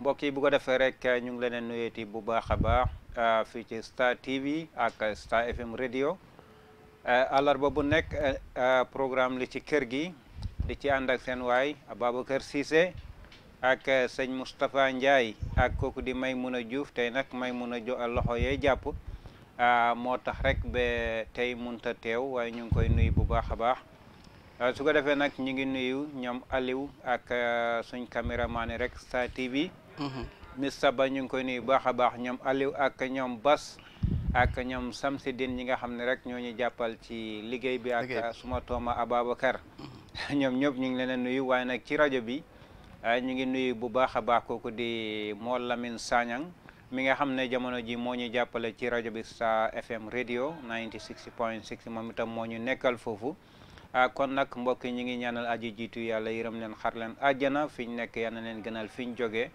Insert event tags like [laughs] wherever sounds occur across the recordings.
mbokk yi bu ko defee rek ñu ngi leen nuyeeti bu baax a baax ah, fii ci Star TV ak Star FM radio ah, ba bu nekk ah, programme li ci kër gi di ci ànd ak seen waay Ababacar Cissé ak sëñ Moustapha Ndiaye ak kooku di Maimouna Diouf tey nag Maimouna jo loxo yee jàpp moo tax rek ba tey munta teew waaye ñu ngi koy nuyu bu baax a baax su ko defee nag ñu ngi nuyu ñoom Aliou ak suñ caméraman rek Star TV. mis saba ñu ngi koy nuyu baax a baax ñoom aliw ak ñoom Bas ak ñoom Samsidine ñi nga xam ne rek ñoo ñu jàppal ci liggéey bi ak suma tooma Ababacar mm-hmm. ñoom ñëpp ñu ngi leen a nuyu waaye nag ci rajo bi ñu ngi nuyu bu baax a baax kooku di Mor Lamine Sagnang mi nga xam ne jamono ji moo ñu jàppale ci rajo bi sa FM radio 96 point 6 moom itam moo ñu nekkal foofu ak kon nag mbokk ñu ngi ñaanal aji jiitu yàlla yërëm leen xar leen àjjana fi ñu nekk yal na leen gënal fi ñu jógee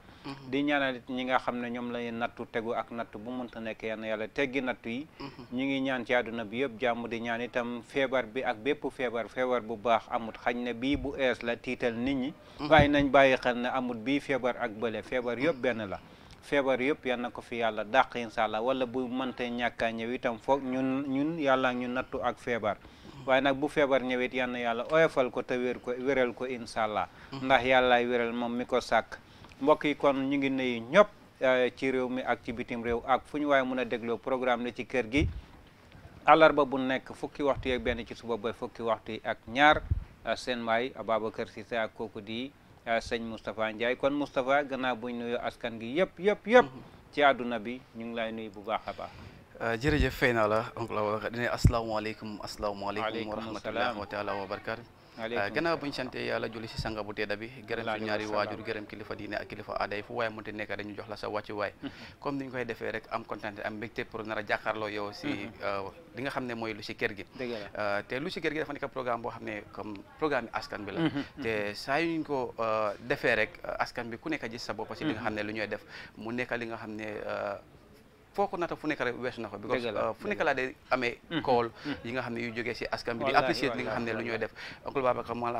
di ñaanal ñi nga xam ne ñoom lay nattu tegu ak natt bu mënta nekk yenn yàlla teggi nattu yi mhm. ñi ngi ñaan ci àdduna bi yëpp jàmm di ñaan itam feebar bi ak bépp feebar feebar bu baax amut xañ ne bii bu ees la tiital nit ñi mhm. waaye nañ bàyyi xel ne amut bii feebar ak bële feebar yëpp mhm. benn la feebar yëpp yal na ko fi yàlla dàq incha allah wala bu mënte ñàkk ñëw itam foog ñun ñun yàlla ñu nattu ak feebar waaye nag bu feebar ñëwit yal yàlla oyofal ko te wér ko wéral ko incha ndax yàllaay wéral moom mi ko sàkk mbokk yi kon ñu ngi nuy ñëpp eh, ci réew mi ak ci bitim réew ak fu ñu waaye mën a dégloo programme ne ci kër gi àllarba bu nekk fukki waxtu yeeg benn ci suba ba fukki waxtu yi ak ñaar eh, seen a baaba kër si Cissé ak kooku di eh, sëñ Moustapha Ndiaye kon Moustapha gannaaw buñ nuyu askan gi yëpp yëpp yëpp mm-hmm. ci àdduna bi ñu ngi lay nuy bu baax a baax jërëjëf fay naa la donc la dine asalaamaaleykum asalaamaaleykum wa rahmatulah wa taala wa barakatu Eh, gannaaw bu ñu sante yàlla julli si sanga bu teeda bi gërëm si ñaari waajur gërëm kilifa diine ak kilifa aaday fu waaye mënti nekk dañu jox la sa wàccu waay [laughs] comme ni ñu koy defee rek am kontaan am a mm-hmm. euh, xam ne mooy lu si kër gi euh, te lu si kër gi dafa nekk programme boo xam ne comme programme bi askan bi la mm-hmm. Mm-hmm. te saa yuñ ko euh, defee rek askan bi ku nekk gis sa bopp si li nga xam ne lu ñuy def mu nekk li nga xam ne foo ko naata fu nekk rek weesu na ko because uh, fu nekk laa de amee kool mm-hmm. mm-hmm. yi nga xam ne yu jógee si askan bi di apprécier nga xam ne lu ñooy def oncle Babacar a mm-hmm.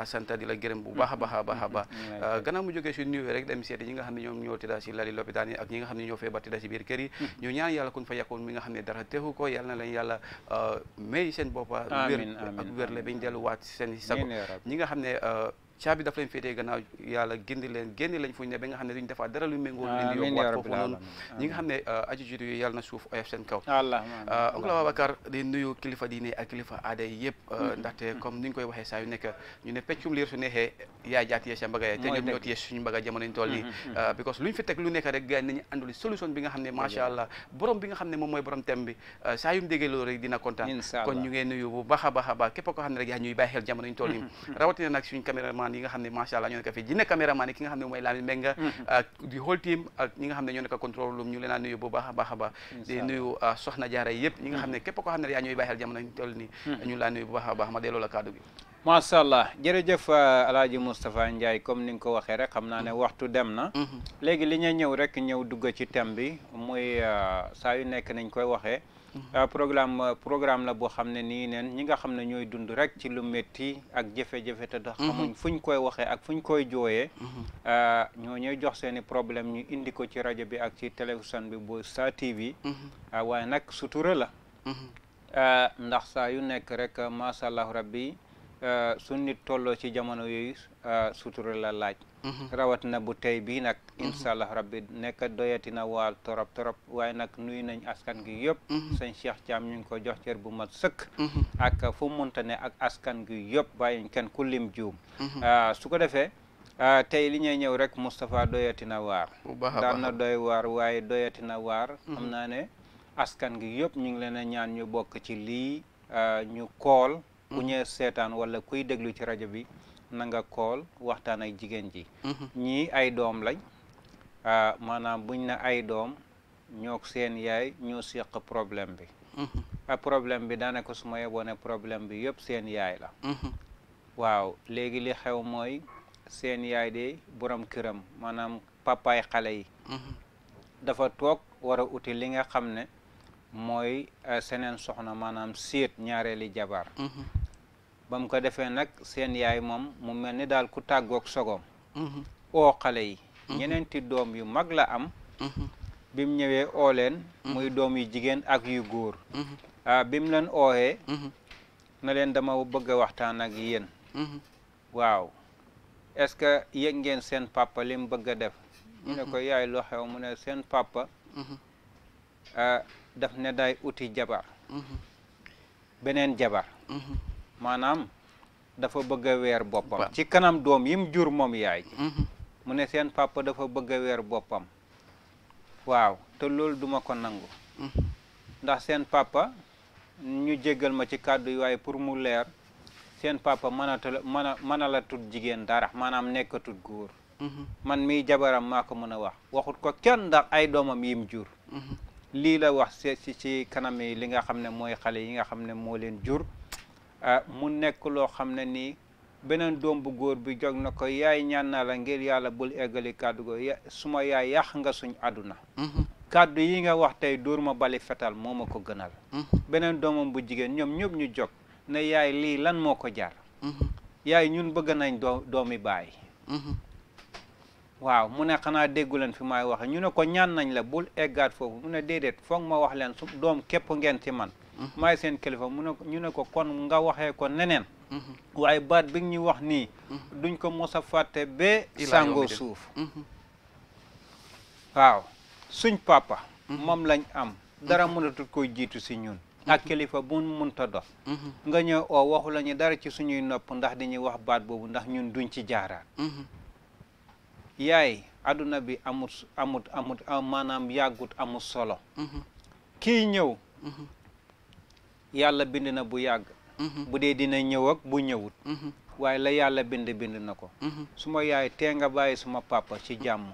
Uh, mu jógee si nuyu ñi nga xam ne ñoom ñoo tëdda si lali lopitaan ñi nga xam ne ñoo feebar tëdda si biir kër yi ñaan yàlla kun fa yàkkoon mi nga xam ne dara texu ko yàlla na leen yàlla uh, may seen boppa wér ak wérle bañ delluwaat seen sago ñi nga xam ne caabi daf leen féetee gannaaw yàlla génn leen génn leen fu ñu ne ba nga xam ne duñ defaat dara lu méngoo leen di nga xam ne euh, aji jiitu yooyu yàlla na suuf oyof seen kaw euh, Oncle Babacar di nuyu kilifa diine kilifa aada yëpp euh, mm. ndaxte comme ni ñu koy waxee sa mbagga te ñoom ñoo tiyee mm-hmm, mm-hmm. lu ñu fi teg lu nekk ne macha allah borom bi nga xam ne moom mooy borom thème nuyu bu baax a baax a ko xam ne rek yaa ñuy bàyyi xel jamono ñu toll nii mm-hmm, rawatina nag suñu caméraman caméraman nga xam ne macha allah ñoo nekk fi jinne caméraman yi ki nga xam ne mooy Lamine Mbengue mm-hmm. nga ñoo nekk contrôle room ñu a nuyu bu baax a baax a baax di nuyu ah, soxna ñi nga xam ne mm-hmm. képp koo xam ne yaa ñuy bàyyi xel jamono ñu toll nii mm-hmm. ñu laa nuyu bu baax a baax ma delloo la kàddu gi macha alaaji ah, Moustapha Ndiaye comme ni nga ko waxee rek xam naa ne waxtu dem na léegi li ñu ñëw rek ñëw dugg ci thème bi muy ah, saa yu nekk nañ koy waxee Euh, programme euh, programme la boo xam ne nii neen ñi nga xam ne ñooy dund rek ci lu métti ak jafe-jafe te da mhm. xamuñ fu ñu koy waxee ak fu ñu koy jooyee mhm. euh, ñoo ñooy jox seen i problème ñu indi ko ci rajo bi ak ci télévision bi bu Star TV mhm. waaye nag sutura la ndax saa yu nekk rek macha allah rabbi su nit tolloo ci jamono yooyu sutura la laaj Mm-hmm. rawat na bu tey bii nag mm-hmm. incha allah rabbi nekk doyatina waal torop torop waaye nag nuyu nañ askan gi yëpp mm-hmm. sëñ Cheikh Thiam ñu ngi ko jox cër bu mat sëkk ak fu munta ne ak askan gi yëpp bàyyiñ kenn ku lim juum ah, su ko defee ah, tey li ñuy ñëw rek Moustapha doyatina waar daan na doy waar waaye doyatina waar xam naa ne askan gi yëpp ñu ngi leen ñaan ñu bokk ci lii ah, ñu kool ku ñëw seetaan wala kuy déglu ci rajo bi nanga nga kool waxtaan ak jigéen ji mm-hmm. ñii ay doom lañ ah, maanaam buñ na ay doom ñoo seen yaay ñoo seq problème bi mm-hmm. a ah, problème bi daanaka su ma yeboo problème bi yëpp seen yaay la mm-hmm. waaw léegi li xew mooy seen yaay de boroom këram maanaam papaay xale yi dafa toog wara uti li nga xam ne mooy ah, seneen soxna maanaam seet ñaareeli jabar ba mu ko defee nag seen yaay moom mu mel ni daal ku tàggook sogoom mhm. oo xale yi mhm. ñeneenti doom yu mag la am mhm. bi mu ñëwee oo leen muy doom yu jigéen ak yu góor ah bi mu leen oohee na leen dama bëgg a waxtaan ak yéen waaw est-ce que yëg ngeen seen papa li mu bëgg a def ñu ne ko yaay lu mu ne seen papa ah, daf ne day uti jabar beneen jabar maanaam dafa bëgg weer boppam ci kanam doom yim jur moom yaay mm-hmm. mu ne seen papa dafa bëgg weer boppam waaw te loolu duma ko nangu mm-hmm. ndax seen papa ñu jéggal ma ci kàddu yi waaye pour mu leer seen papa mënatul mën a mën a la tut jigéen dara maanaam nekkatut góor mm-hmm. man miy jabaram maa ko mën a wax waxut ko kenn ndax ay doomam yim jur lii la wax ci ci kanam yi li nga xam ne mooy xale yi nga xam ne moo leen jur Ah, mu nekk loo xam ne nii beneen doom bu góor bi jog na ko yaay ñaan naa la ngir yàlla bul eggali kàddu go suma yaay yàq nga suñ àdduna mm-hmm. kàddu yi nga wax tey dóor ma bale fetal moo ma ko gënal mm-hmm. beneen doomam bu jigéen ñoom ñëpp ñu jog ne yaay lii lan moo ko jar mm-hmm. yaay ñun bëgg nañ doo doomi baay waaw mu ne xanaa déggu leen fi may wax ñu ne ko ñaan nañ la bul eggaat foofu mu ne déedéet foog ma wax leen su doom képp ngeen ci man may seen kilifa mu ñu ne ko kon nga waxe ko neneen mm-hmm. waaye baat bi ñu wax nii mm-hmm. duñ ko mos a fàtte ba sàngoo suuf mm-hmm. waaw suñ pàppa moom lañ am dara mënatul koy jiitu ci ñun ak kilifa bu munta dox nga ñëw oo oh, waxu la dara ci suñuy nopp ndax dañuy wax baat boobu ndax ñun duñ ci jaaraat yaay adduna bi amut amut amut maanaam yàggut amut solo kii ñëw yàlla bind na bu yàgg mhm. bu dee dina ñëw ak bu ñëwut mhm. waaye la yàlla bind bind na ko mhm. suma yaay tee nga bàyyi suma papa ci jàmm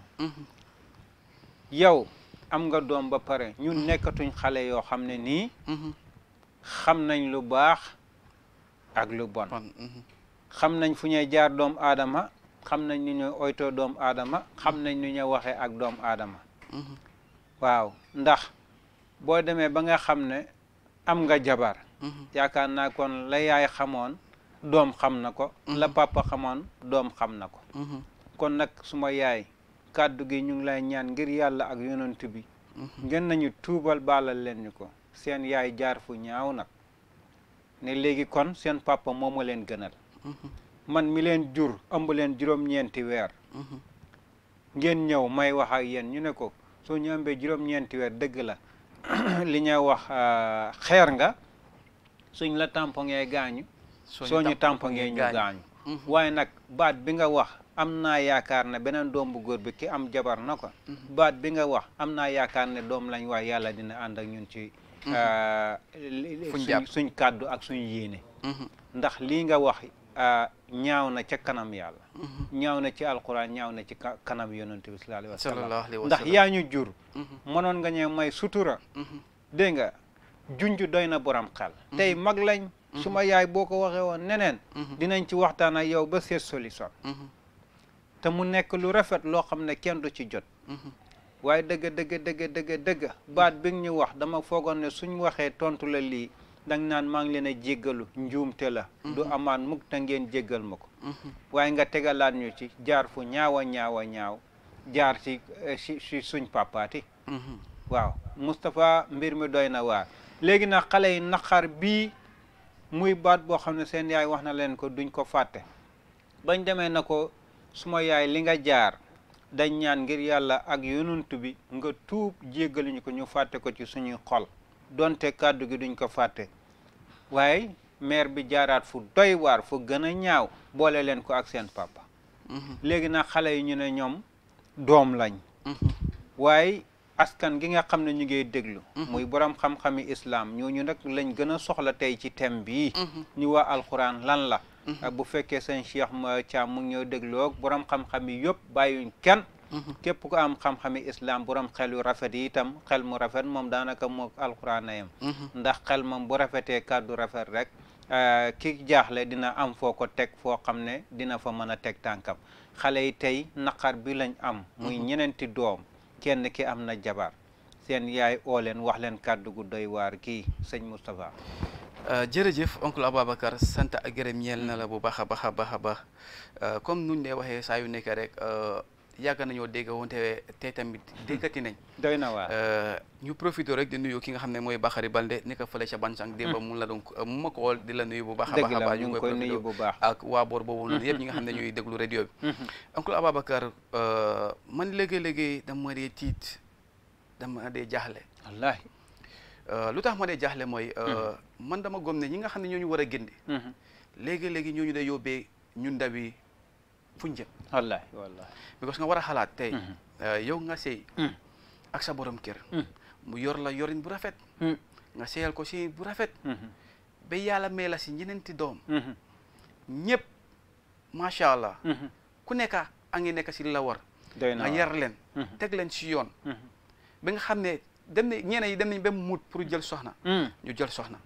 yow am nga doom ba pare ñun nekkatuñ xale yoo xam ne nii xam nañ lu baax ak lu bon xam nañ fu ñuy jaar doom aadama xam nañ nu ñuy oytoo doom aadama xam nañ nu ñuy waxee ak doom aadama waaw ndax boo demee ba nga xam ne am nga jabar mhm. yaakaar naa kon la yaay xamoon doom xam na ko mhm. la papa xamoon doom xam na ko mhm. kon nag suma yaay kàddu gi ñu ngi lay ñaan ngir yàlla ak yonent bi ngeen nañu tuubal baalal leen ñu ko seen yaay jaar fu ñaaw nag ne léegi kon seen papa mooma leen gënal man mi leen jur ëmb leen juróom-ñeenti weer ngeen ñëw may wax ak yéen ñu ne ko soo ñu ëmbee juróom-ñeenti weer dëgg la [clears throat] li ña wax euh, xeer nga suñ la tampoŋee gaañu soo ñu tampoŋee ñu gaañu mm-hmm. waaye nag baat bi nga wax am na yaakaar ne beneen doom bu góor bi ki am jabar na ko mm-hmm. baat bi nga wax am naa yaakaar ne doom lañ waaye yàlla dina ànd ak ñun ci mm-hmm. euh, suñ kàddu ak suñ yéene ndax lii nga wax ñaaw na ca kanam yàlla mm-hmm. ñaaw na ci alquran ñaaw na ci kanam yonent bi sallallahu alayhi wa sallam ndax yaa ñu jur mm-hmm. mënoon nga ñëw may sutura mm-hmm. dégg nga junj doy na borom xel tey mag lañ suma yaay boo ko waxee woon neneen dinañ ci waxtaan ak yow ba seet solution te mu nekk lu rafet loo xam ne kenn du ci jot waaye dëgg dëgg dëgg dëgg baat bi ñu wax dama foogoon ne suñ waxee tontu la lii danga naan maa ngi leen a jéggalu njuumte la mhm. du amaan mukk te ngeen jéggal ma ko mhm. waaye nga tegalaat ñu ci jaar fu ñaaw a ñaaw ñaaw jaar ci si eh, si suñ papaati mhm. waaw Moustapha mbir mi doy na waar léegi nag xale yi naqar bii muy baat boo xam ne seen yaay wax na leen ko duñ ko fàtte bañ demee na ko suma yaay li nga jaar dañ ñaan ngir yàlla ak yonent bi nga tuub jéggaluñu ko ñu fàtte ko ci suñuy xol donte kàddu gi duñ ko fàtte waaye maire bi jaaraat fu doy waar fu gën a ñaaw boole leen ko ak seen papa. Mhm. léegi nag xale yi ñu ne ñoom doom lañ. Mhm. waaye askan gi nga xam ne ñu ngi déglu. Mhm. muy borom xam-xami islam ñooñu nag lañ gën a soxla tey ci thème bii. ñu waa alxuraan lan la. bu fekkee seen cheikh ma Thiam mu ngi ñoo dégloo borom xam-xam yi yëpp bàyyuñ kenn. képp ku am xam-xami islam borom xel yu rafet yi itam xel mu rafet moom daanaka moo alquran ayam mhm. ndax xel moom bu rafetee kàddu rafet rek eh, ki jaaxle dina am foo ko teg foo xam ne dina fa mën a teg tànkam xale yi tey naqar bi lañ am muy mhm. ñeneenti doom kenn ki am na jabar seen yaay oo leen wax leen kàddu gu doy waar kii sëñ Moustapha eh, jërëjëf oncle Ababacar sant ak gërëm na la bu baax a a baax a baax eh, comme nuñ lay waxee saa yu nekk rek yàgg nañoo dégg wante te tamit déggati nañ. [laughs] doy na waa euh, ñu profité rek di nuyu ki nga xam ne mooy Bakary Balde nekk fële ca Bansang. Hmm. démb mun la donc euh, mu ma ko wool di la nuyu bu baax a baax a baax ñu bu baax ak waa boor boobu noonu yëpp ñi nga ne hmm. hmm. euh, man léegi-léegi dama dee tiit dama dee jaaxle. wallaahi. lu tax ma dee jaaxle mooy. man dama gom ne ñi nga xam ne ñoo ñu war a génne. léegi-léegi ñoo ñu day yóbbee ñun ndaw yi fuñ jëm. wallaahi wallaahi. because nga war a xalaat tey. Mm-hmm. Euh, yow nga sëy mm. ak sa borom kër. Mm. mu yor la yorin bu rafet. Mm. nga seyal ko si bu rafet. Mm-hmm. ba yàlla may la si ñeneenti doom. Mm-hmm. ñëpp macha allah. ku nekk a ngi nekk si lawar la nga yar leen. teg leen si yoon. ba nga xam ne dem na ñeneen yi dem nañ ba muut pour jël soxna. ñu jël soxna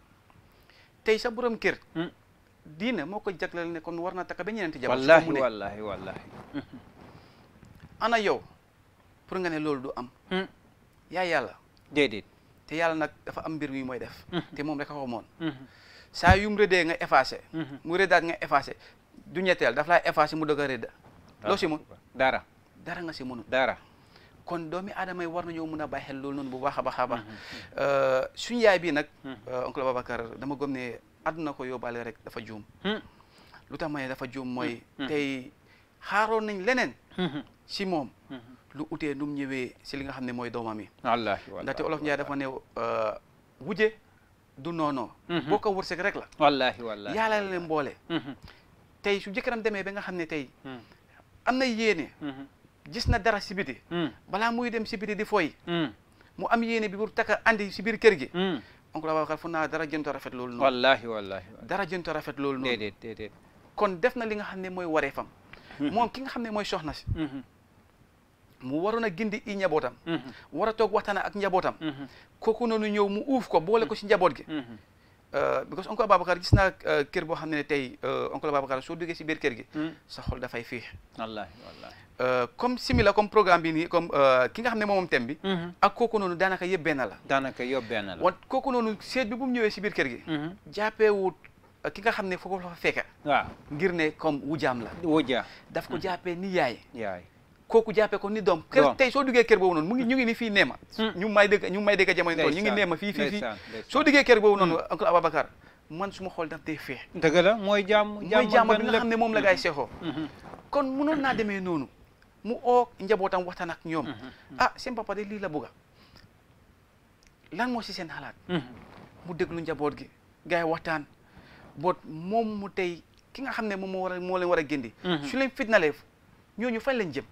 tey sa kër. diine moo ko jagleel ne kon war na takk ba ñeenti jabar wallaahi wallaahi wallaahi [laughs] ana yow pour nga ne loolu du am hmm. yaa yàlla te yàlla nag dafa am mbir mi mooy def hmm. te moom rek a ko hmm. saa yu mu rëddee nga effacé mu rëddaat nga effacé du ñeteel daf laa effacé mu dog a rëdda ah, loo si mun dara dara nga si mënul dara kon doomi aadama yi war nañoo mun a bàyyi lool loolu noonu bu baax a baax a suñ euh, suñu yaay bi nag euh, oncle Babacar dama gëm àdduna ko yóbbaale rek dafa juum hmm. lu tax ma dafa juum hmm. mooy hmm. tey xaaroon nañ leneen si moom lu ute nu mu ñëwee si li nga xam ne mooy doomam yi wallaahi ndaxte olof Njaay dafa ne euh, wuje du noono boo ko wërsëg rek la wallaahi wallaahi yàlla leen mboole tey su jëkkëram demee ba nga xam ne tey am na yéene gis na dara si biti muy dem si biti di foy mu am yéene bi pour takka andi si kër gi oncle Ababacar fu naa dara jënto rafet loolu noonu wallaahi wallaahi dara jënto rafet loolu noonu déedéet kon def na li nga xam ne mooy waree fam mhm. moom ki nga xam ne mooy soxna si mhm. mu waroon a gindi i njabootam mhm. war a toog waxtaan ak njabootam kooku noonu ñëw mu uuf ko boole ko si njaboot gi euh, because oncle Ababacar gis naa euh, kër boo xam ne tey tey euh, oncle Ababacar soo duggee si biir kër gi sa xol dafay fii Euh, comme simila comme programme bi nii comme euh, ki nga xam ne moom thème bi. Mhm. ak kooku noonu daanaka yëpp benn la. daanaka yëpp benn la wa kooku noonu mu ñëwee si biir kër gi. Mhm. jàppeewut euh, ki nga xam ne foofu la fa fekk. waaw ngir ne comme wujaam la. wuja daf ko mhm. jàppee ni yaay. yaay kooku jàppee ko ni doom. kër tey soo duggee kër boobu noonu mu ngi ñu ngi ni fii neema. ñu may dëgg ñu may ñu ngi neema fii fii fii soo duggee kër boobu noonu oncle Ababacar man su ma xool daf tey fee. dëgg la mooy jàmm jàmm bi nga xam ne moom la gaay seexoo kon mënoon naa demee noonu mu oo njabootam waxtaan ak ñoom mm-hmm, mm-hmm. a ah, seen papa de lii la bëgga lan moo si seen xalaat mm-hmm. mu déglu njaboot gi gars yi waxtaan boot moom mu tey ki nga xam ne moom moo war moo leen war a géndi su leen fitnalee ñooñu fan leen jëm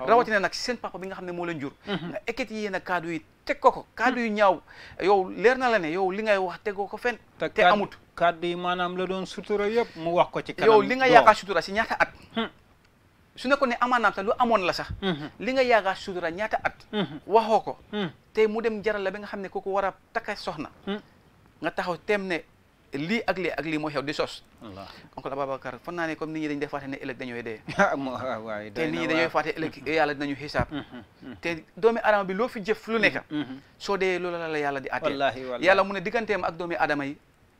oh. rawatina nag seen papa bi nga xam ne moo leen jur nga ekkati yéen a kaddu yi teg ko ko kaddu yu ñaaw yow leer na la ne yow li ngay wax tegoo ko fen te amut kaddu yi maanaam la doon sutura yëpp mu wax ko ci kanam yow li nga yaakaar sutura si ñaata at hmm. su nekkoon ne amaanaam sax lu amoon la sax mhm. li nga yaagaa sutura ñaata at mhm. waxoo ko mhm. tey mu dem jaral la ba nga xam ne ko war a takka soxna nga taxaw teem ne lii ak lii ak lii moo xew di sos oncle Ababacar fan naa ne comme nit ñi dañ dee fàtte ne ëllëg dañooy dee [laughs] ah, ah, te nit ñi dañooy fàtte ëllëg yàlla dinañu xisaab te doomi adama bi loo fi jëf lu nekk soo dee loola la la yàlla di àtte yàlla mu ne digganteem ak doomi adama yi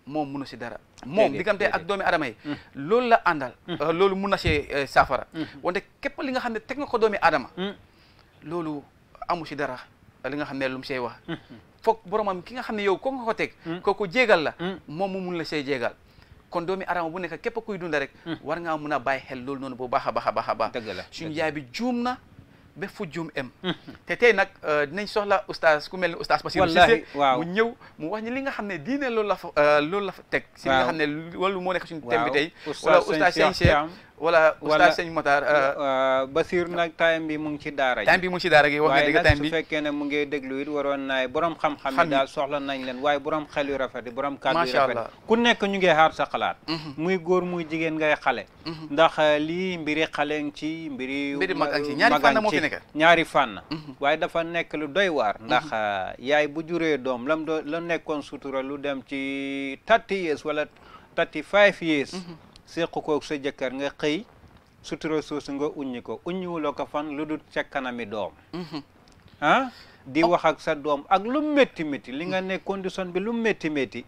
moom munu si dara moom diggante ak doomi adama yi hmm. loolu la àndal hmm. euh, loolu mun na see euh, saafara hmm. wante képp li nga xam ne teg nga ko doomi adama loolu amu si dara li nga xam ne lu mu see wax foog boromam ki nga xam ne yow ko nga ko teg kooku jéegal la moom mun la see jéegal kon doomi adama bu nekk képp kuy dunda rek war ngaa mun a bàyyi xel loolu noonu bu baax a baax a baax a baax bi juum na ba fu em hmm. te tey nag euh, dinañ soxla oustaz ku mel ni oustaz Bassirou Cissé mu ñëw mu wax ñu li nga xam ne diine loolu la fa euh, loolu la fa teg si li nga xam ne loolu moo nekk suñu thème bi tey wala wala oustaz sëñ Motaar uh, uh, Basir nag time bi mu ngi ci daara ji mu ngi ci daara gi wax nga bi fekkee ne mu ngi déglu waroon naay borom xam-xam yi daal soxla nañ leen waaye borom xel yu rafet borom kàddu yu ku nekk ñu ngi xaar sa xalaat mhm. muy góor muy jigéen ngay xale mhm. ndax uh, lii mbiri xale ci mbiri mag ngi ci ñaari fànn moo fi nekk ñaari fànn mhm. waaye dafa nekk lu doy waar ndax yaay bu juree doom lam do la nekkoon sutura lu dem ci thirty years wala thirty five years séq koog sa jëkkër nga xëy sutura soosu nga uññi ko uññiwuloo ko fan lu dul ca kanami doom mhm. ah di oh. wax ak sa doom ak lu métti métti li nga mm. ne condition bi lu métti métti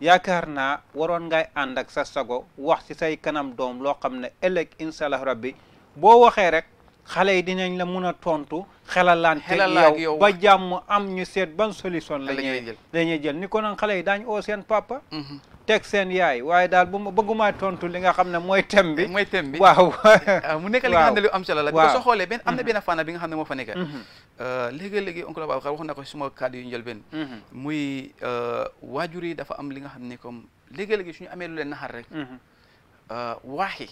yaakaar na waroon ngay ànd ak sa sago wax si say kanam doom loo xam ne ëllëg incha allah rabbi boo waxee rek xale yi dinañ la mun a tontu xelalante yow ba jàmm am ñu seet ban solution la ñuy la ñuy ni ko noon xale yi daañ oo seen papa mhm. teg seen yaay waaye daal bu ma bëggumaa tontu li nga xam ne mooy thème mooy thème bi waaw ah, mu nekk li nga xam ne lu am solo la ko xoolee benn am na mhm. benn fànn bi nga xam ne moo fa nekk mhm. euh, léegi-léegi oncle Babacar wax na ko suma kàddu yu njëlbeen muy euh, waajur yi dafa am li nga xam ne comme léegi-léegi suñu amee lu leen naxar rek euh, waaxi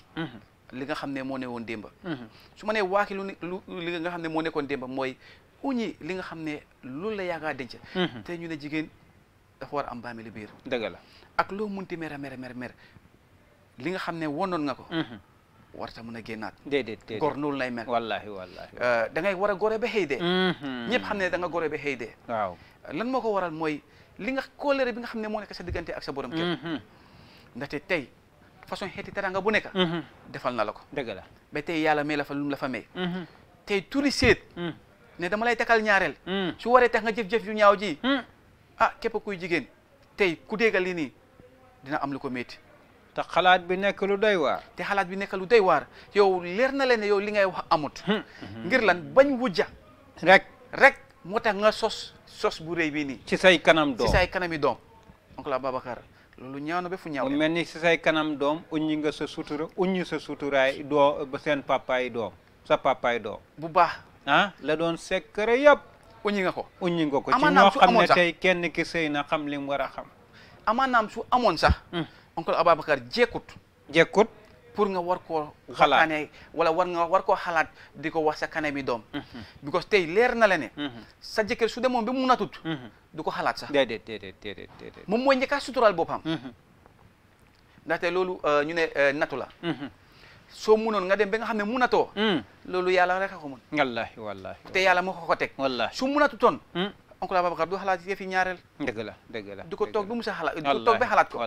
li nga xam ne moo ne woon démba mhm. su ma nee waaki lu lu nga xam ne moo nekkoon démba mooy uñi li nga xam ne loolu la yaagaa denc mhm. te ñu ne jigéen dafa war am bàmmeelu biir dëgg la ak loo munti mer mer mer mer li nga xam ne wonoon nga ko mhm. warta mën a génnaat déedéet gor noonu lay mel wallahi wallahi euh, da ngay war a gore ba xëy de ñëpp xam ne danga nga gore ba xëy dee lan moo ko waral mooy li nga kóllëre bi nga xam ne moo nekk sa diggante ak sa borom kër ndaxte tey façon xeeti teranga bu nekk mhm. defal na la ko dëgg la ba tey yàlla may la fa lu mu la fa may mhm. tey turi seet mhm. ne dama lay takal ñaareel su waree tax nga jëf-jëf yu ñaaw ji ah képp kuy jigéen tey ku déggal li nii dina am lu ko métti te xalaat bi nekk lu doy waar te xalaat bi nekk lu doy waar yow leer na leen yow li ngay wax amut ngir lan bañ wujja rek moo tax nga sos sos bu rëy bi nii ci say kanam doom ci say kanami loolu ñaaw na ba fu ñaaw mel ni si say kanam doom uññi nga sa sutura uññi sa suturaay doo ba seen papaay doom sa pappaay doom bu baax ah la doon secret yëpp uññi nga ko uññi ko ci ñoo xam ne tey kenn ki sëy na xam li mu war a xam amaanaam su amoon sax hmm. oncle Ababacar jekkut jekkut pour nga war koo waxtaanee wala war nga war koo xalaat di ko wax sa kanami doom mhm. because tey leer na la ne mhm. sa jëkkër su demoon ba mu munatut mhm. du ko xalaat sax déedéet déedéet déedéet déedéet moom mooy njëkkaa sutural boppam loolu euh, ñu ne euh, natu la soo munoon nga dem be nga xam ne munatoo loolu yàlla rek a ko mun wallaahi wallaahi te yàlla moo ko ko teg wallaahi su munatutoon hmm? oncle Ababacar du xalaat yëf yi ñaareel dëgg la dëgg la du ko toog du musa xalaat du ko toog ba xalaat ko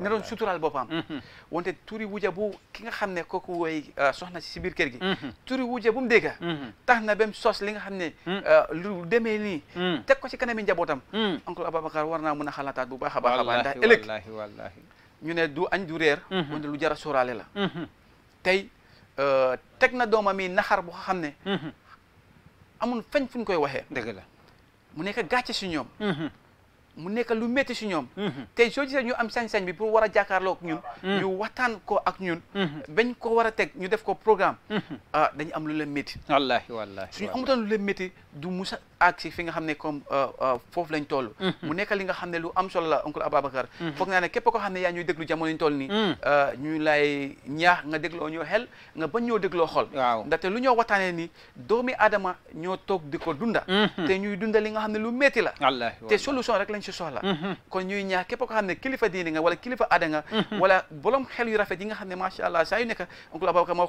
ne doon suturaal boppam mhm. wante turi wuja bu ki nga xam ne kooku woy euh, soxna si si biir kër gi mhm. turi wuja bu mu dégga mhm. tax na ba mu sos li nga xam ne euh, lu demee nii teg ko si ci kanami njabootam oncle Ababacar war naa mën a xalaataat bu baax a baax a baax ñu ne du añ du réer wante lu jara sóoraale la tey euh, teg na doomam yi naxar bu xam ne amul fañ fuñ koy waxe dëgg la mu nekk gàcce si ñoom mhm. mu nekk lu métti si ñoom mhm. tey soo gisee ñu am sañ-sañ bi pour war a jàkkaarloo ak ñun mhm. ñu waxtaan ko ak ñun bañ ko war a teg ñu def ko programme ah dañu am lu leen métti wallaahi wallaahi suñu amutoon lu leen métti du musa ak si fi nga xam ne comme euh, euh, foofu lañ toll mhm. mu nekk li nga xam ne lu am solo la oncle Ababacar mhm. foog naa ne képp koo xam ne yaa ñuy déglu jamono ñu toll nii mhm. euh, ñu lay ñaax nga dégloo ñoo xel nga ba ñoo dégloo xol waaw ndaxte lu ñoo waxtaanee ni doomi aadama ñoo toog di ko dunda te ñuy dunda li nga xam ne lu métti la te solution rek lañ si soxla kon ñuy ñaax képp koo xam ne kilifa diine nga wala kilifa aada nga wala borom xel yu rafet yi nga xam ne macha allah saa yu nekk oncle Ababacar moo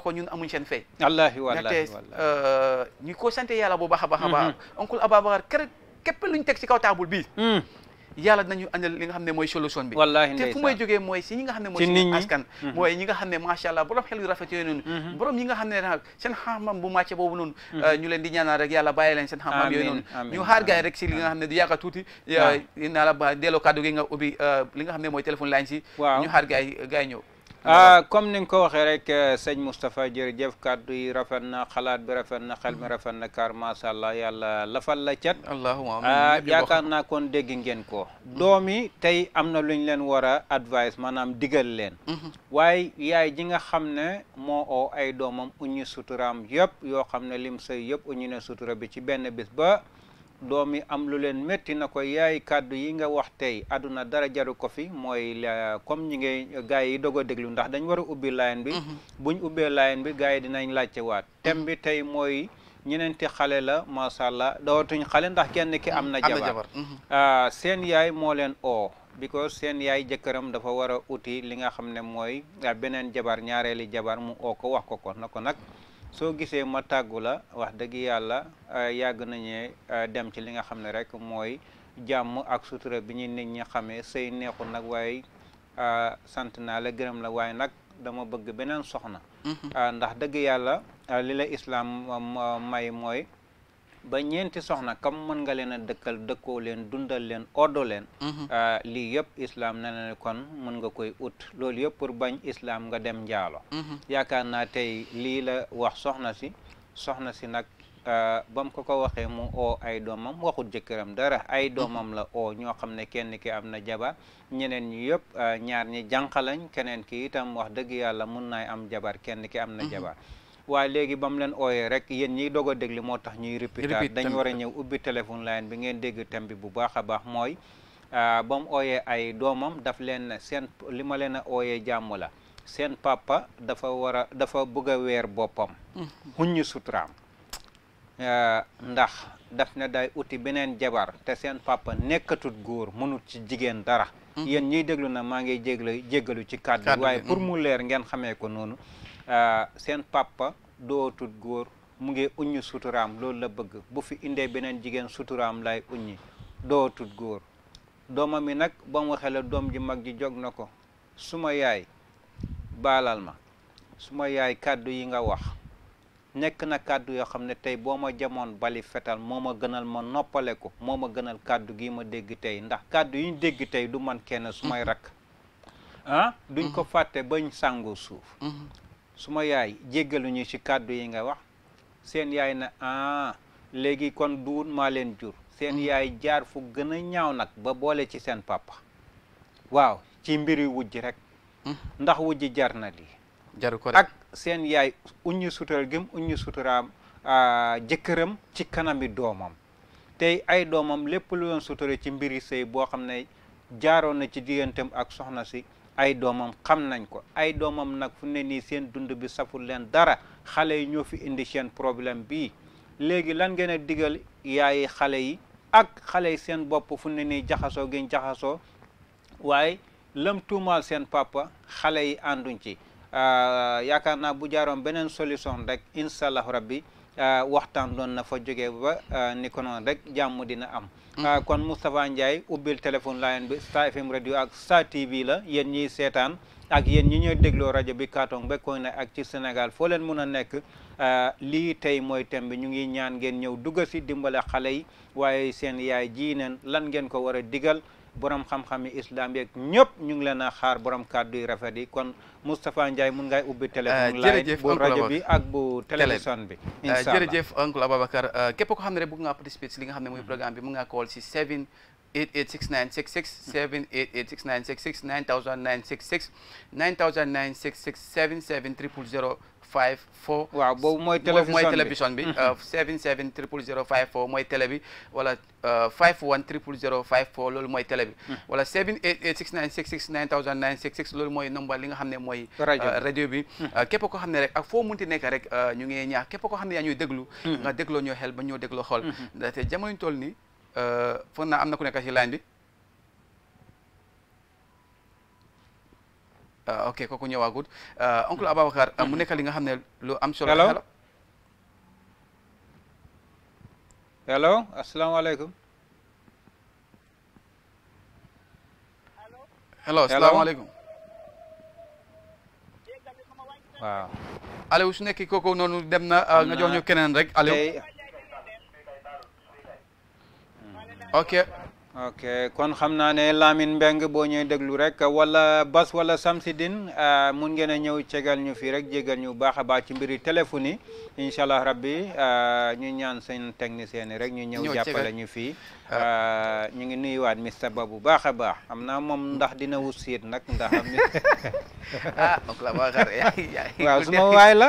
seen fay wallaahi wallaahi ko sante yàlla bu baax Ababacar kër képp lu ñu teg si kaw taabul bii hmm. yàlla nañu andal li nga xam ne mooy solution bi wallaahi te fu may jógee mooy si ñi nga xam ne mooy suñu askan hmm. mooy ñi xam ne macha allah borom xel rafet yooyu noonu hmm. borom ñi nga xam ne nag seen xam-xam bu màcce boobu euh, ñu leen di ñaanal rek yàlla bàyyi leen seen xam-xam yooyu noonu rek si li nga xam ne du yàgg a tuuti euh, naa nga ubbi euh, li nga xam ne mooy téléphone line si ñu xaar gaay gaay ñëw ah comme ni nga ko waxee rek eh, sëñ Moustapha jërëjëf kàddu yi rafet na xalaat bi rafet na xel mm-hmm. rafet na kaar macha allah yàlla lafal la cat. allahumma ah, yaakaar naa kon dégg ngeen ko. Mm-hmm. doom yi tey am na lu leen war a advice maanaam digal leen. Mm-hmm. waaye yaay ji nga xam ne moo oo ay doomam uñu suturam yëpp yoo xam ne lim sëy yëpp uñu ne sutura bi ci benn bis ba. doom yi am lu leen métti na ko yaay kàddu yi nga wax tey àdduna dara jaru ko fi mooy comme ñi ngay gars yi doog a déglu ndax dañ war a ubbi line bi mhm. buñ ubbee line bi gars yi dinañ laajte waat bi tey mooy ñeneenti xale la macha allah dootuñ xale ndax kenn ki am na mhm. jabar mhm. ah, seen yaay moo leen oo because seen yaay jëkkëram dafa war a uti li nga xam ne mooy ah, beneen jabar ñaareeli jabar mu oo ko wax ko ko na ko nag soo gisee ma tàggu la wax dëgg yàlla euh, yàgg nañu euh, dem ci li nga xam ne rek mooy jàmm ak sutura bi ñuy nit ñi xamee sëy neexul nag waaye euh, sant naa la gërëm la waaye nag dama bëgg beneen soxna. Mm-hmm. ndax dëgg yàlla li la islaam may mooy. ba ñeenti soxna kam mën nga leen a dëkkal dëkkoo leen dundal leen oddo leen mhm. ah, lii yëpp islam ne kon mën nga koy ut loolu yëpp pour bañ islam nga dem njaalo mhm. yaakaar naa tey lii la wax soxna si soxna si nag ah, ba mu ko ko waxee mu oo ay doomam waxut jëkkëram dara ay mhm. doomam la oo ñoo xam ne kenn ki am na jabar ñeneen ñi yëpp ah, ñaar ñi jànq lañ keneen ki itam wax dëgg yàlla mën naay am jabar kenn ki am na jabar waa léegi ba mu leen ooyee rek yéen ñiy doog a déglu moo tax ñuy répéter dañ war a ñëw ubbi téléphone line bi ngeen dégg thème bi bu baax a baax mooy euh, ba mu ooyee ay doomam daf leen seen li ma leen a ooyee jàmm la seen papa dafa war a dafa bëgg a weer boppam xuññu mm-hmm. suturaam euh, ndax daf na day uti beneen jabar te seen papa nekkatut góor mënut ci jigéen dara mm-hmm. yéen ñiy déglu na maa ngi jéglu jéggalu ci kàddu waaye pour mm-hmm. mu leer ngeen xamee ko noonu Euh, seen papa dootut góor mu ngi uññi suturaam loolu la bëgg bu fi indee beneen jigéen suturaam lay uññi dootut góor doomam yi nag ba mu xelee doom ji mag ji jog na ko suma yaay baalal ma suma yaay kàddu yi nga wax nekk na kàddu yoo xam ne tey boo ma jamoon bali fetal moo ma gënal ma noppale ko moo ma gënal kàddu gi ma dégg tey ndax kàddu yi ñu dégg tey du man kenn su may rakk ah duñ ko fàtte bañ sàngoo suuf mm-hmm. suma yaay jéggaluñu ci kàddu yi nga wax seen yaay na ah léegi kon duun maa leen jur seen mm. yaay jaar fu gën a ñaaw nag ba boole ci seen papa waaw ci mbiri wujj rek mm. ndax wujj jar na lii jaru ko ak seen yaay uñu sutural gëm uñu suturaam ah, jëkkëram ci kanami doomam tey ay doomam lépp lu doon sutura ci mbiri sëy boo xam ne jaaroon na ci digganteem ak soxna si ay doomam xam nañ ko ay doomam nag fu ne nii seen dund bi saful leen dara xale yi ñoo fi indi seen problème bii léegi lan ngeen a digal yaay xale yi ak xale yi seen bopp fu ne ni jaxasoo gën jaxasoo waaye lam seen papa xale yi ànduñ ci ah, yaakaar naa bu jaaroon beneen solution rek incha allah rabbi Ah, waxtaan doon na fa jógee ba ah, ni ko rek jàmm dina am. Mm. Ah, kon Moustapha Ndiaye ubbil téléphone line bi Star FM radio ak Star TV la yéen ñiy seetaan ak yéen ñi ñooy dégloo rajo bi Katong ba koy na ak ci Sénégal foo leen mun a nekk lii tey mooy thème bi ñu ngi ñaan ngeen ñëw dugg si dimbale xale yi waaye seen yaay ji neen lan ngeen ko war a digal. borom xam-xami islam yeeg ñëpp ñu ngi leen a xaar borom kàddu yu rafet yi kon Moustapha Ndiaye mun ngay ubbi téléphone euh, live bu rajo bi ak bu télévision bi euh, incha allah jërëjëf oncle Ababacar euh, képp ko xam ne rek bëgg ngaa participer si li nga xam ne mooy mm-hmm. programme bi mun ngaa call si 7 886966 7886966 900966 900966 77 000 five four. waaw boobu mooy télévision bi mooy télévision bi. Euh, seven seven triple zero five four mooy télé bi wala euh, five one triple zero five four loolu mooy télé bi. Hmm. wala seven eight eight six nine six six nine thousand nine six six loolu mooy number li nga xam ne mooy. Euh, rajo bi hmm. képp koo xam ne rek ak foo mun ti nekk rek ñu ngi ñaax képp koo xam ne yaa ñuy déglu. Hmm. nga dégloo ñoo xel ba ñoo dégloo xool. ndaxte jamono ñu toll ni foog na am na ku nekk ci line bi. Euh, ok kooku ñëwaagul euh, oncle Ababacar euh, mu mm-hmm. nekk li nga xam ne lu am solo. allo allo asalaamaaleykum. allo asalaamaaleykum. waaw. Aliou dem na nga jox ñu keneen rek Aliou. ok. ok kon xam naa ne Lamine Mbeng boo ñuy déglu rek wala Bas wala Samsidine euh, mun ngeen a ñëw cegal ñu fii rek jégal ñu baax a baax ci mbiri téléphone yi incha allah rabbi euh, ñu ñaan seen technicien yi rek ñu ñëw jàppale ñu fii Euh, ñu ngi nuyuwaat Mister Ba bu baax a baax am naa moom ndax dina wut seet nag ndax am [laughs] ah ok la maa xare waaw suma waay la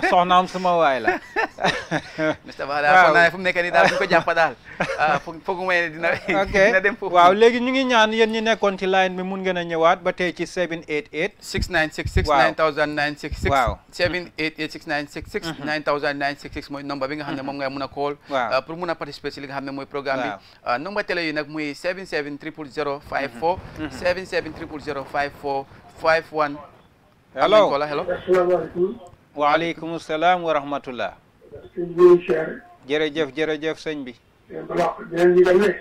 soxnaam suma waay la. [laughs] Mister Ba daal foog naa ne fu mu nekk nii daal bu ñu ko jàpp daal ah, foogu may [laughs] ngi ñaan yéen ñi ci line bi mun ngeen a ñëwaat ba tey ci 788. 696 9096. waaw 788 696. 9096 mooy nombre bi nga xam ne moom ngay mun a call. Mm-hmm. waaw ah, pour mun a participer ci li nga xam ne mooy programme Euh, numba télé yi nag muy 77 000 54. 77 000 54 51. allo amiin Kola allo. asalaamaaleykum. waaleykum salaam wa rahmatullah. sëñ bi Cheikh. jërëjëf jërëjëf bi. voilà dinañ ñu demee.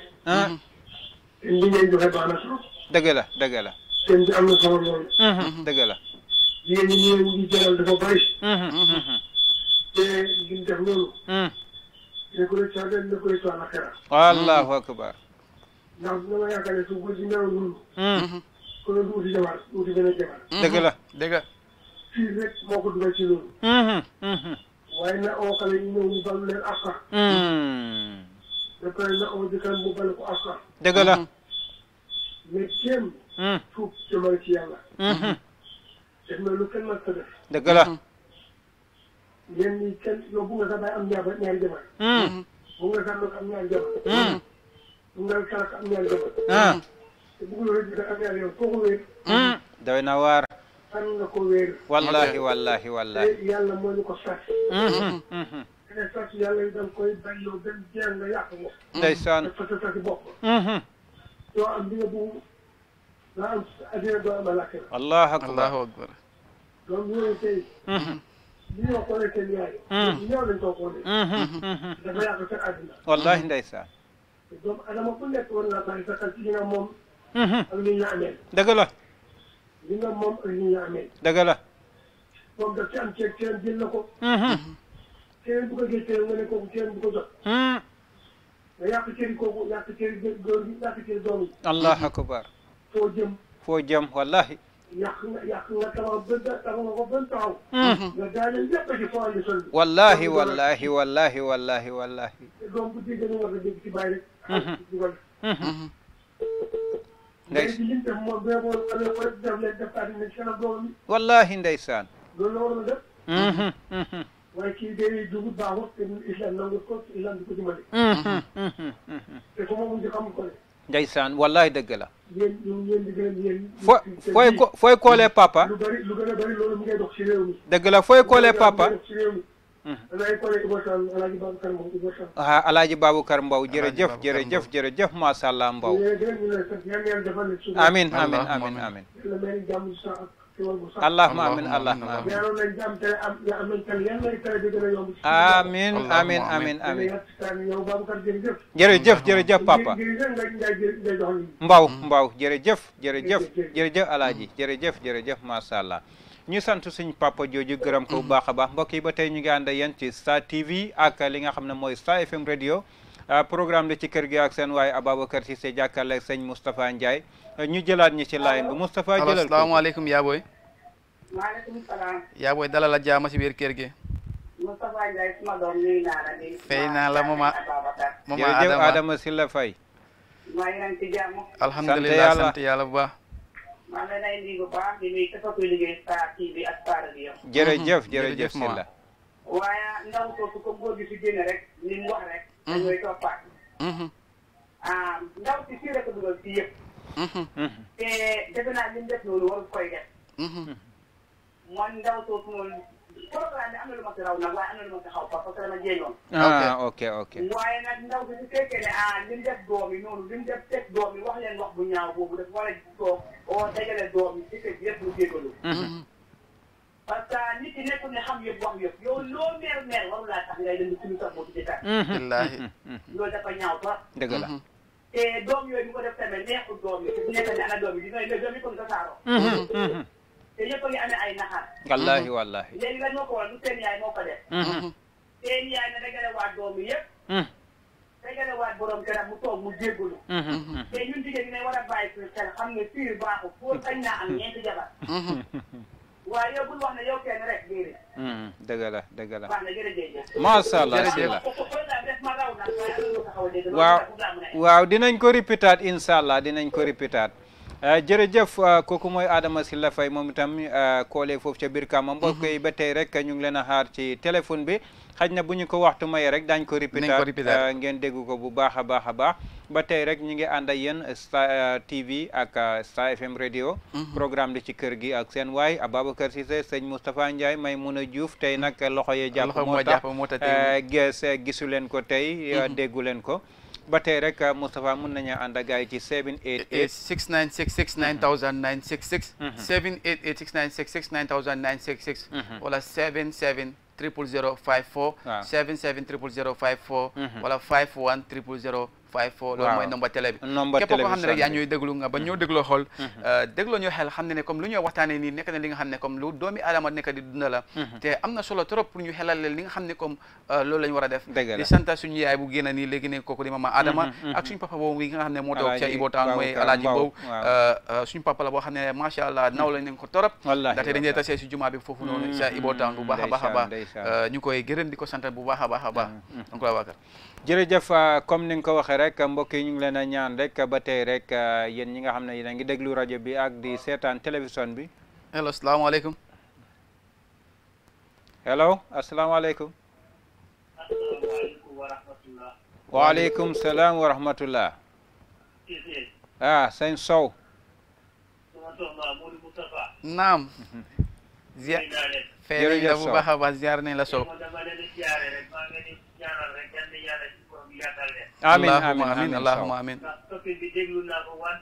li ngeen joxe baax na trop. dëgg la dëgg la. sëñ bi am na solo lool. Mm-hmm. Mm-hmm. nekkul ne caaga nekkul ne caaga xeerar. allahu akbar. ndax dama yaakaar ne su góor gi nelaw dund. ku ne du uti jabar uti beneen jabar. dëgg la dëgg la. fii rek moo lu kenn mën yéen ñi kenn yow bu nga sax bay am ñaar ñaari jabar. Hmm. bu nga sax am ñaari jabar. Hmm. bu nga sax am ñaari jabar. Hmm. Ah. te bu nga sax am ñaari yow foo ko wéer. doy na waar. fan nga ko wéer. wallahi wallahi wallahi te yàlla moo ñu ko sas. te ne sas yàlla yi da nga koy bay yow benn jeex nga yàq ko. ndeysaan te sa sas bopp. doo am bi nga bu doo am addina doo am alaaxira. allahu akbar allahu akbar. donc yooyu tey. bi ñoo xoolee seen yaay. ñoo leen koo xoolee. dafa yàq sa àddina. wallaahi ndeysaan. doomu adama ku nekk war ngaa bàyyi sa xel nga moom. ceeb ceeb ko. ceeb ko jël ceeb nga ne kooku jot. nga yàq cëri kooku yàq cëri yàq nga yàq nga tabax ba tabax nga ko ba taxaw. Mm-hmm. nga daaneel lépp ci foo andi sol bi. wallaahi wallaahi wallaahi wallaahi wallaahi. doom bu jigéen war na dégg ci bàyyi rek. ak ci dugal. Mm-hmm. Mm-hmm. ndeysaan léegi def moom bee boo wala wala def leen def taati ne seen doom yi. wallaahi ndeysaan. loolu la waroon a def. waaye kii day dugub baaxul te islam nangu ko islam di ko dimbali. te su ma mujj xam ko ne. ndeysaan wallahi dëgg la. fo fooy ko fooy koolee papa. lu bari lu gën a bari loolu mu ngi dox papa. ah alaaji Baboucar Mbow jërëjëf jërëjëf jërëjëf macha allah Mbow. amiin amiin amiin allahumma amin allahumma amin amin amin amin amin jërëjëf jërëjëf papa mbaw mm-hmm. mbaw jërëjëf jërëjëf jërëjëf alaaji jërëjëf jërëjëf macha allah ñu sant suñ papa jooju gërëm ko bu baax a baax mm-hmm. mbokk yi ba tey ñu ngi ànd ak yéen TV ak li nga xam ne mooy Star FM radio ah, programme la ci kër gi ak seen waaye Ababacar Cissé jàkkaarloo ak sëñ Moustapha Ndiaye ñu jëlaat ñi ci line bi Moustapha jëlal ko asalaamaaleykum yaa booy maaleykum biir kër gi Moustapha naa la di fay naa la Adama Adama fay maa alhamdulilah sant yàlla bu baax mhm, mu wax rek mhm. dañooy toppaat mhm. ah ndaw si fii te defe naa li mu def loolu waru koy def. man ndaw soo ko moom programme bi am na lu ma si raw nag waaye am na lu ma si xaw parce que dama jéemoon. ah ok ok waaye nag ndaw bi su fekkee ne ah li mu def doom yi noonu li mu def teg doom yi wax leen wax bu ñaaw boobu dafa war a toog oo dajale doom yi ci kër yëpp mu jégalu. parce que nit ki nekkul ne xam yëpp wax yëpp yow loo meer meer waru laa tax ngay dem di suñu sa boobu ci dara. wallaahi. loolu dafa ñaaw trop. dëgg la. te doom yooyu bu ko def tamit neexul doom yi bu nekkee ne ana doom yi dina yooyu doom yi comme tasaaroo mm-hmm, mm-hmm. te ñëpp a ngi amee ay naxaar wallaahi wallaahi léegi lan moo ko waral seen yaay moo ko def mm-hmm. seen yaay ne dagale waat doom yi yëpp dagale waat borom këram mu toog mu jéggulu te ñun jigéen ñi ne war a bàyyi suñu xel xam ne fii baaxul pour sañ naa am ñeenti jabar [laughs] waaw hmm, la dëgg la. macha allah jërëjëf waaw dinañ ko répétaat incha allah dinañ ko répétaat. Euh, jërëjëf euh, kooku mooy Adama Sylla Faye moom itam euh, koolee foofu ca biir kàmm mhm. mbokk yi ba tey rek ñu ngi leen a xaar ci téléphone bi xaj na bu ñu ko waxtu mayee rek dañ ko répéter ngeen dégg ko bu baax a baax a baax ba tey rek ñu ngi ànd ak yéen Star TV ak Star FM radio mhm. programme di ci kër gi ak seen waay Ababacar Cissé sëñ Moustapha Ndiaye Maimouna Diouf tey nag loxo yee jàpp moo tax gisu leen ko tey mhm. déggu leen ko ba tey rek euh, Moustapha mun nañu ànd ak gars yi ci 788 696 9966 788 696 9966 wala 77 triple 0 54 77 triple 0 54 mm-hmm. wala 51 triple 0 five four loolu mooy nombre télé bi képp koo xam ne rek yaa ñuy déglu nga ba ñoo dégloo xool mm-hmm. euh, dégloo ñu xel xam ne ne comme lu ñoo waxtaanee ni nekk na li nga xam ne comme lu doomi aadama nekk di dunda la mm-hmm. te am na solo trop pour ñu xelal leen li nga xam ne comme euh, loolu la ñu a def di santa suñu yaay bu génn nii ne kooku di mama Adama mm-hmm, xam ne moo toog ca Ibo Town mooy alaaji boobu euh, suñu papa boo xam ne macha allah naw lañ ko torop ndaxte dañ lay tasee jumaa bi foofu noonu ca Ibo Town bu baax a baax ñu koy gërëm di ko sant bu baax a baax a baax donc la jërëjëf euh, comme ni nga ko waxee rek mbokk yi ñu ngi leen a ñaan rek ba tey rek euh, yéen ñi nga xam ne yéen a ngi déglu rajo bi ak di seetaan télévision bi. allo salaamaaleykum. allo asalaamaaleykum. waaleykum salaam wa rahmatullah. ah sëñ Sow. naam. Mhm. ziar. jërëjëf Sow fee nañ nañ la Sow. amiin amiin amiin allahumma amiin topic bi déglu naa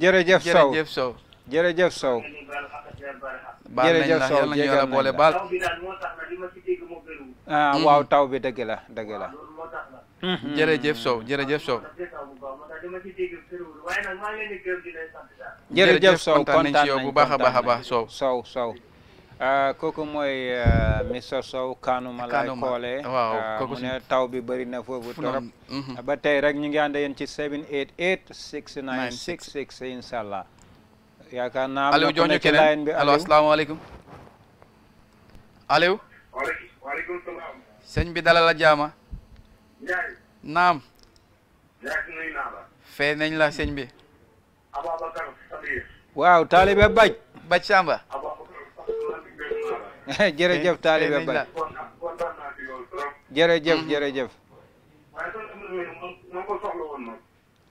[laughs] jërëjëf Sow jërëjëf Sow jërëjëf Sow jërëjëf ah, hmm. waaw taw bi dëgg la dëgg la hmm. jërëjëf Sow jërëjëf Sow jërëjëf Sow kontaan nañ ci yow bu baax a baax a baax soow Sow Sow Ah, kooku mooy ah, monsieur Sow Kaanuma laay koolee waaw ah, mu ne taw bi bëri na foofu torop mhm. ba tey rek ñu ngi ànd yéen ci 788 69 66 incha allah yaakaar naa Aliou jox ñu keneen bi allo asalaamaaleykum Aliou waaleykum salaam sëñ bi dalal la jaama naam fee nañ la sëñ bi waaw taalibe baj baj samba [laughs] jërëjëf taalibe Baye jërëjëf hmm. jërëjëf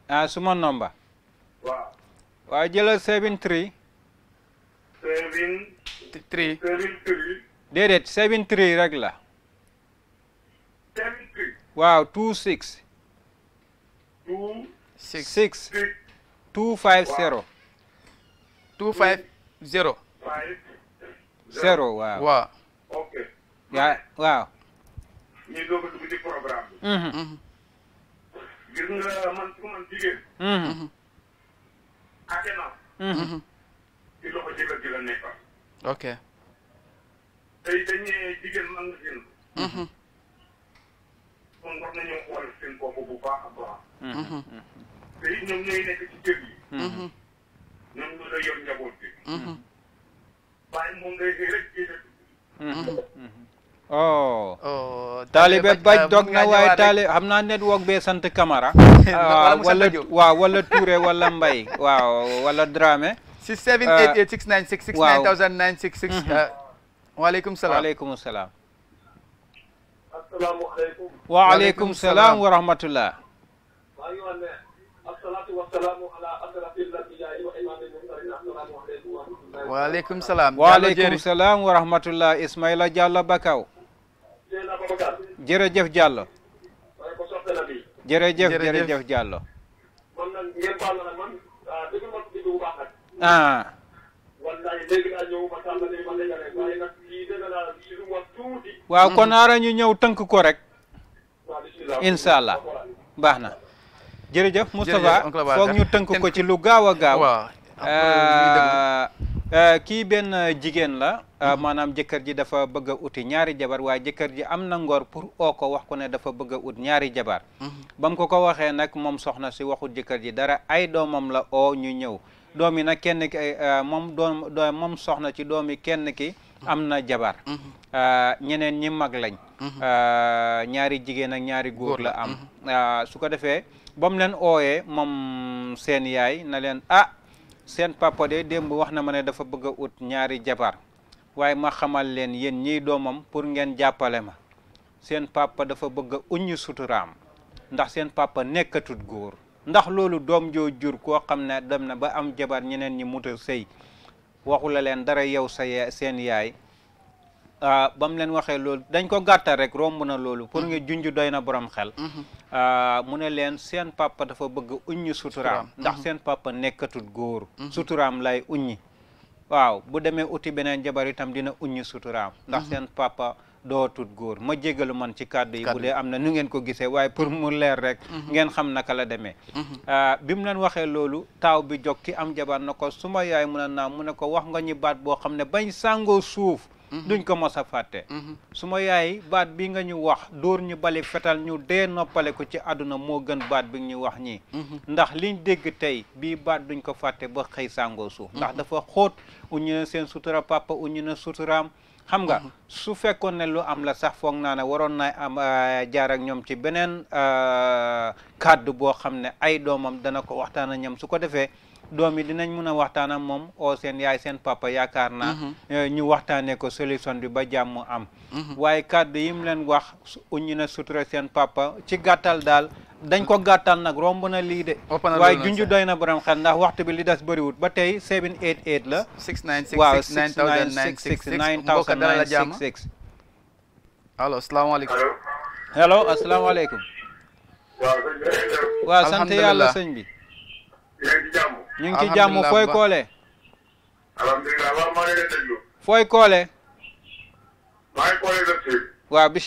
ah, ah suma nomba waaw waaw jëlal seven three seven three déedéet seven three rek la waaw two six six two five zero two five zero zéro waaw waaw. waaw. ñu doog a dugg programme bi. Mm-hmm. Mm-hmm. gis nga man pour mm-hmm. man te it ñoom ñooy nekk ci kër waaye moom ngay xëy rek oh. oh taalibe baj uh, dog na waaye taali xam naa network bee sant Camara. [laughs] Ah, wala waaw wala Touré wala Mbaye [laughs] waaw wala Dramé. 678 696 69966. waaleykum salaam waaleykum salaam. asalaamualeykum. waaleykum salaam wa rahmatullah. waaleykum salaam waaleykum salaam wa rahmatullah Ismaila Diallo Bakaw jërëjëf Diallo jërëjëf jërëjëf ah. waaw kon aara ñu ñëw tënk ko rek incha baax na jërëjëf Moustapha foog ñu tënk ko ci lu gaaw a gaaw Euh, kii benn euh, jigéen la euh, mhm. maanaam jëkkër ji dafa bëgg uti ñaari jabar waaye jëkkër ji am na ngor pour oo ko wax ko ne dafa bëgg ut ñaari jabar mhm. ba mu ko ko waxee nag moom soxna si waxu jëkkër ji dara ay doomam la oo ñu ñëw doom yi nag kenn ki moom moom soxna ci doom yi kenn ki mhm. am na jabar ñeneen ñi mag lañ ñaari jigéen ak ñaari góor la am su ko defee ba mu leen ooyee moom seen yaay na leen ah seen papa de démb wax na ma ne dafa bëgg ut ñaari jabar waaye ma xamal leen yéen ñiy doomam pour ngeen jàppale ma seen pappa dafa bëgg a uññi suturaam ndax seen pappa nekkatul góor ndax loolu doom joo jur koo xam ne dem na ba am jabar ñeneen ñi muta sëy waxu la leen dara yow sa seen yaay Ah, ba mu leen waxee loolu dañ ko gàttal rek romb na loolu pour mm-hmm. nga junj doy na borom xel mm-hmm. ah, mu ne leen seen papa dafa bëgg uññi suturaam ndax mm-hmm. seen papa nekkatut góor suturaam lay uññi waaw bu demee uti beneen jabar itam dina uññi suturaam ndax seen papa dootut góor ma jégalu man ci kàddu yi bu dee am na nu ngeen ko gisee waaye pour mu leer rek ngeen xam naka la demee ah, bi mu leen waxee loolu taaw bi jog ki am jabar na ko suma yaay mun na naam mu ne ko wax nga ñu baat boo xam ne bañ sàngoo suuf Mm-hmm. duñ ko mos a fàtte mm-hmm. su ma yaay baat bi nga ñu wax dóor ñu bali fetal ñu dee noppale ko ci àdduna moo gën baat bi ñu wax ñi mm-hmm. ndax liñ dégg tey bii baat duñ ko fàtte ba xëy sàngoo suuf ndax dafa xóot uñu ne seen sutura papa ñu na suturaam xam nga su fekkoon ne lu am la sax foog naa ne waroon naa am uh, jaar ak ñoom ci beneen uh, kàddu boo xam ne ay doomam dana ko waxtaan ak ñoom su ko defee doom yi dinañ mën a waxtaan ak moom oo seen yaay seen papa yaakaar naa. Mhm. Eh, ñu waxtaanee ko solution bi ba jàmm am. Mhm. waaye kàddu yi mu leen wax uñu na sutura seen papa ci gàttal daal. dañ ko gàttal nag romb na lii de. waaye junj doy na borom xel ndax waxtu bi li des bëriwut ba tey 788 la. 696 waaw 696 9966. allo salaamaaleykum. allo asalaamaaleykum. waaw sant yàlla sëñ bi. ñu ngi ci jàmm fooy koole. alhamdulilah waaw maa ngi lay déglu. fooy koole. maa ngi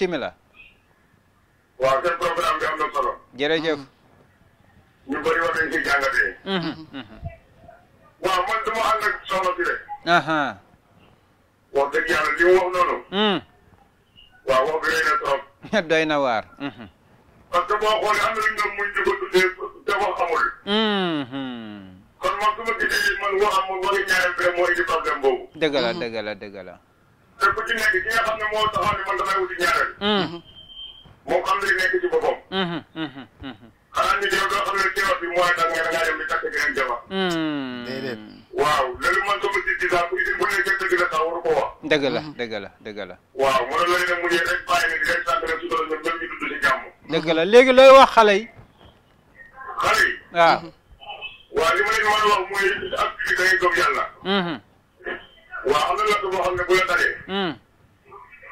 solo. jërëjëf. Mm-hmm. ñu bëri mm-hmm. mm-hmm. wax nañ ci jàngatee. noonu. Mm. waaw wax bi na [laughs] doy na waar. parce que boo xoolee am na lu ñu doon muñ di ko tuddee te wax amul. Mm-hmm. kon man su ma gisee man wax amul wala ñaareel bee moo indi problème boobu. dëgg la mm-hmm. dëgg la dëgg la. te ku ci nekk ki nga xam ne moo taxaw ni man damay wuti ñaareel. moom am na nekk ci boppam. Mm-hmm, xanaa nit yow doo xam ne teewaat bi mooy tax nga da ngaa dem di takk geneen jabar. déedéet. waaw loolu man sama gis-gis daal bu itin bu nekkee dëgg la sax waru ko wax. dëgg la mhm. dëgg la dëgg la. waaw mën na looy dem mu rek bàyyi na di rek sant rek su doon ñoom ñoom ñu dund si jàmm. dëgg la léegi looy wax xale yi. xale yi. waaw. Mhm. waaw li ma leen mën a wax mooy ak da ngay gëm yàlla. Mhm. waaw am na loolu boo xam ne bu la taree.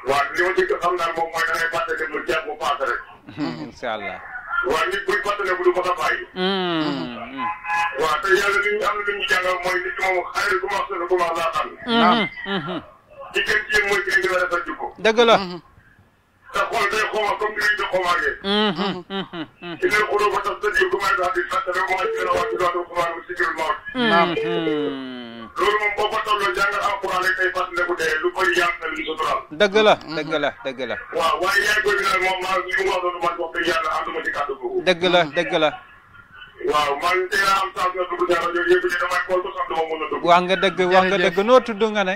waaw li ma ci xam daal moom mooy da ngay fàtte dem lu jeex mu paase rek. incha allah. waaw nit buy fàttaliku du ko sa bàyyi. waaw te yàlla li ñu am na lu ñu jàngal mooy nit moom xayru ku max sunu ku max laa xam. waaw. ci gën ci yéen mooy ci gën a rafet jikko. dëgg la. Mm-hmm. te xool day xooma comme ni ñu mm-hmm. Mm-hmm. di xoomaagee. ci leen xuloo ba tax tëjee ku may daal di fàtte rek mooy gën a wàcc doon ku max si gën mawt. loolu moom boo ko tolloo jàngal alquran rek tey fàttaliku dee lu bëri yàlla na lu sutural. dëgg la dëgg la dëgg la. waaw waaye yaay góor gi nag moom maa ngi wax doon man wax dëgg yàlla ànduma ci kàddu googu. dëgg la dëgg la. waaw wax nga dëgg wax nga dëgg tudd nga ne.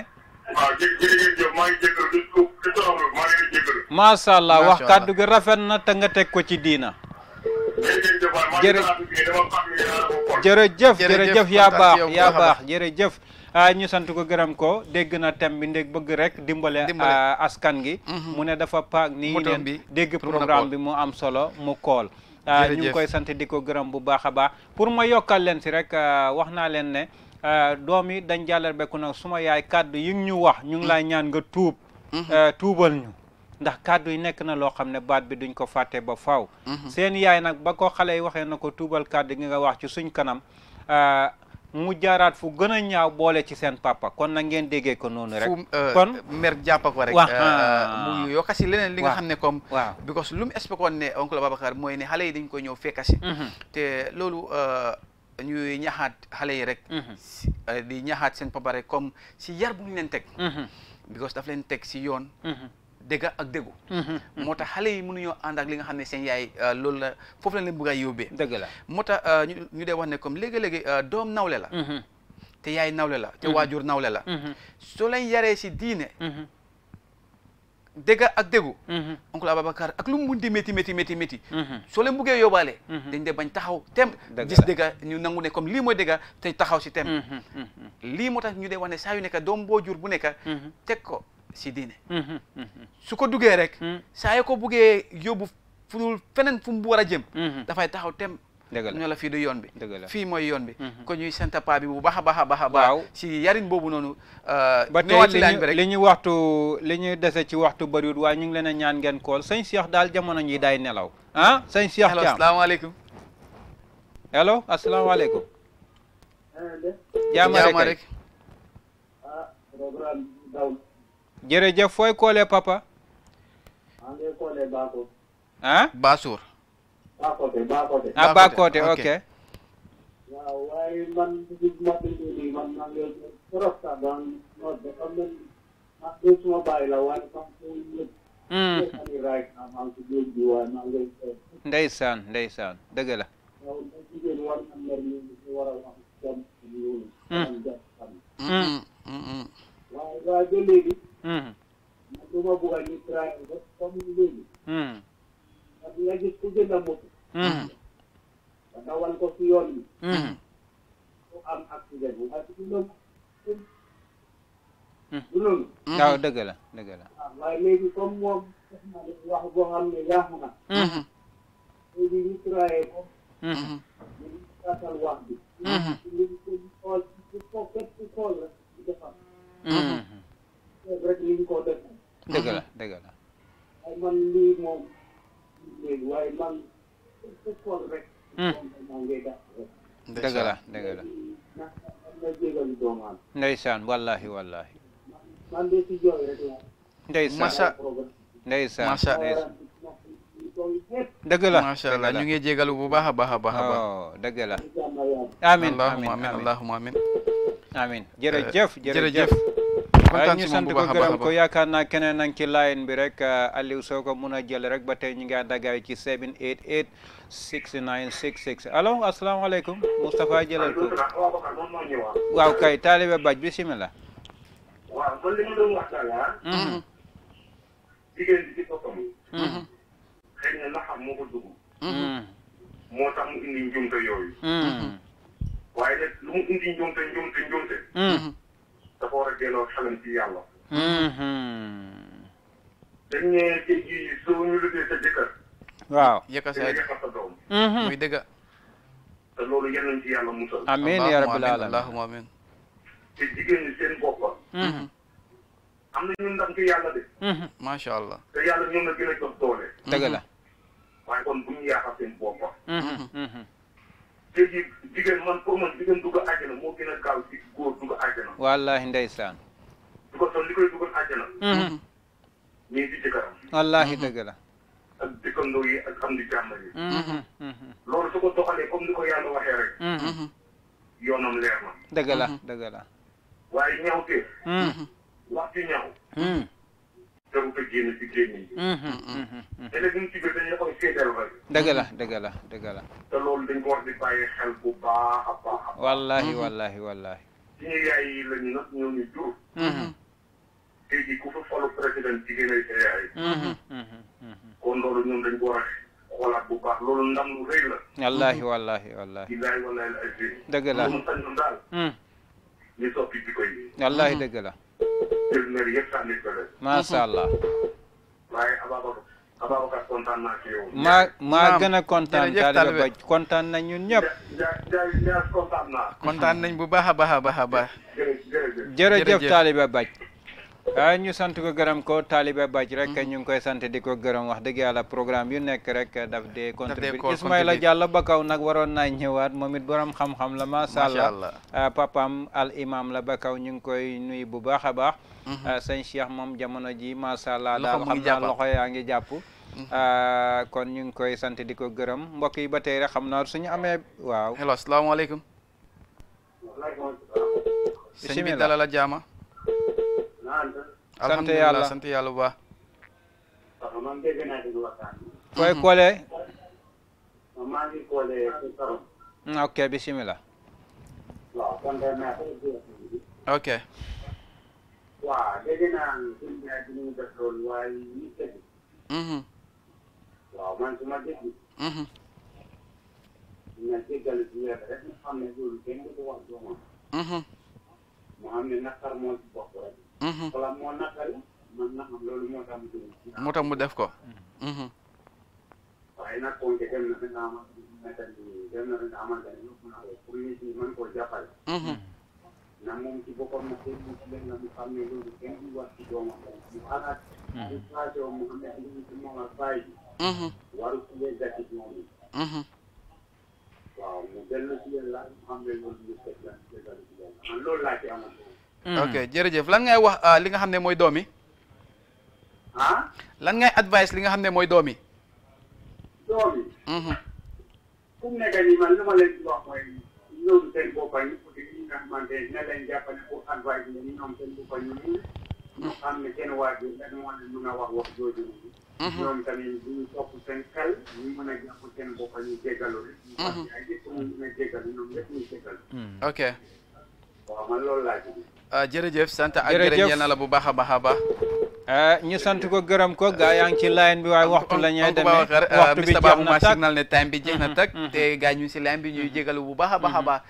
waaw wax kàddu gi rafet na te nga teg ko ci diina. jërëjëf waay maa jërëjëf jërëjëf yaa baax ya baax jërëjëf. Ah, ñu sant ko gërëm ko dégg na thème bi ndég bëgg rek dimbale ah, askan gi mm-hmm. mu ne dafa paak nii leen dégg programme bi mu am solo mu kool Ah, ñu ngi koy sant di ko gërëm bu baax a baax pour ma yokkal leen si rek ah, wax naa leen ne ah, doom yi dañ jàllal bekku nag suma yaay kàddu yi ñu wax ñu ngi lay ñaan nga tuub mhm. tuubal ñu ndax kàddu yi nekk na loo xam ne baat bi duñ ko fàtte ba faw mhm. seen yaay nag ba ko xale yi waxee na ko tuubal kàddu gi nga wax ci suñ kanam mu jaaraat fu gën a ñaaw boole ci seen papa kon na ngeen ko noonu rek. Euh, kon mer jàppa ko rek. Euh, mu yokk si leneen li nga xam ne comme. waaw because lu mu expliqué woon ne oncle Babacar mooy ne xale yi dañ ko ñëw fekkasi. Mm-hmm. te loolu euh, ñuy ñaxaat xale yi rek. Mm-hmm. di ñaxaat seen papa rek comme si yar bu ñu leen teg. Mm-hmm. because daf leen teg si yoon. dégga ak déggu mm-hmm. moo tax xale yi ñoo ànd ak li nga xam ne seen yaay euh, loolu la foofu la leen bëgg a yóbbee dëgg la moo tax euh, ñu dee wax ne comme léegi-léegi euh, doom nawle la mm-hmm. te yaay nawle la te mm-hmm. waajur nawle la soo leen yaree si diine dégga ak déggu oncle Ababacar ak lu mu mun di métti métti métti métti soo dañ de bañ taxaw tem gis dégga ñu nangu ne comme lii mooy dégga te taxaw si tem lii moo tax ñu dee wax ne saa yu nekka doom boo jur bu nekka teg ko si diine mhm, mhm. su ko duggee rek mhm. saa yoo ko buggee yóbbu fu dul feneen fu mu war a jëm dafay taxaw tem ñoo la fii du yoon bi fii mooy yoon bi ko ñuy santa pa bi bu baax a baax a baax baax si yarin boobu noonu euh, ba tey li ñu waxtu li ñu dese ci waxtu bëriwut waa ñu ngi leen a ñaan ngeen kool sañ Cheikh daal jamono ñi daay nelaw ah sëñ Cheikh Thiam asalaamaaleykum allo asalaamaaleykum eh, jërëjëf fooy koole papa. maa ngi koolee Bako. ah. Basuur. Bakote Bakote. ah Bakote ok. Hmm. ndeysaan ndeysaan waaw dëgg la dëgg la. waaw ah, waaye léegi comme moom wax boo mm-hmm. mm-hmm. mm-hmm. mm. wallahi wallahi ndeysaan macha ndeysaan macha dëgg la macha allah ñu ngi jégalu bu baax a baax a baax a baax oh, dëgg la amin allahuma amin allahuma amin amin euh, jërëjëf jërëjëf kontaan si moom bu baax a baax ñu sant ko gërëm ko yaakaar naa keneen ak ci line bi rek euh, Aliou soo ko mun a jël rek ba tey ñu ngi ànd ak gars yi ci 788 6966 allo asalaamaaleykum Moustapha jëlal ko waaw kay taalibe Badj bisimilah waaw kon li ñu doon waxtaan ah. Mm-hmm. jigéen bi ci boppam. Mm-hmm. xëy na naxam moo mm-hmm. mu indi njuumte yooyu. waaye nag mu indi njuumte njuumte njuumte. dafa war a delloo xelam ci yàlla. dañ ne tey ñu liggéey sa jëkkër. waaw yëkkat sa yëkkat sa doom. muy dëgg. te loolu yal nañ ci yàlla musal. amiin yaa rabbal te jigéen ñi seen boppam. Mm-hmm. am na ñu ndam ci yàlla de. Mm-hmm. macha allah te yàlla ñoom la gën a jox doole. Mm-hmm. dëgg la. waaye kon bu ñu yaaxal seen boppam. léegi jigéen man pour jigéen dugg àjjana moo gën a gaaw ci góor dugg àjjana. wallaahi ndeysaan. du ko son li koy duggal àjjana. ñu ngi ci jëkkëram. wallaahi dëgg la. ak dëkkandoo yi ak am di ko doxalee comme ni ko yàlla waxee leer na. dëgg la waaye ñawtee mm-hmm. mm-hmm. wax ci ñaw mm-hmm. dafa ko génn ci génn yi te loolu dañ ko war a a wallahi wallahi wallahi suñu yaay yi lañu nag ñoo dañ ko a xoolaat bu baax la wallahi wallahi wallahi billahi wallahi ñu soppi jikko la. jël mbir yëpp sànni ko leen. kontaan maa gën a kontaan. taalibe ba kontaan nañ ñun ñëpp. kontaan naa. nañ bu baax a baax a baax a baax. Ah, ñu sant ko gërëm ko Talibe Badji rek mhm. ñu ngi koy sant di gërëm wax dëgg yàlla programme yu nekk rek daf dee contribuer Ismaila Diallo Bakaw nag waroon naa ñëwaat moom it borom xam-xam la macha allah ah, papam al imam la Bakaw ñu ngi koy nuyu bu baax a baax mhm. ah, sañ Cheikh moom jamono ji macha allah daal xam naa loxo yaa ngi jàppu mhm. kon ñu ngi koy sant di ko gërëm mbokk yi ba tey rek xam na suñu amee waaw hello asalaamaaleykum sëñ bi dalal la jaama sant yàlla sant yàlla bu baax. koy koolee. maa ngi koolee ci Saron. ok bisimilah. waaw kon de naa ok. waaw dégg bi ñu def loolu waaye ma dégg. Mm-hmm. wala moo naqari man na xam loolu moo tax mm-hmm. Mm-hmm. nag koo Hmm. ok jërëjëf lan ngay wax ah, li nga xam ne mooy doom yi. ah. lan ngay advice li nga xam ne mooy doomi yi. doom yi. Mhm. fu man li ma leen di wax mooy ñoom seen boppam ñu uti nga bi ñu seen hmm. xam ne seen waajur dañu mën a mën a wax wax jooju moom. Mhm. ñoom tamit bu ñu topp seen xel ñu mën a jàpp seen boppam rek. Mhm. ñu fàttali ay yëpp a waaw man loolu laa ci ah, jërëjëf sant ak jërëjëf na la bu baax a baax a baax. Ah, ñu sant ko gërëm ko gaa yaa ngi ci line bi waaye waxtu la ñuy demee ah, waxtu bi jeex na tag signal ne time bi jeex na mm-hmm. tag mm-hmm. te gaa ñu si line bi ñuy mm-hmm. jégalu bu baax a baax a baax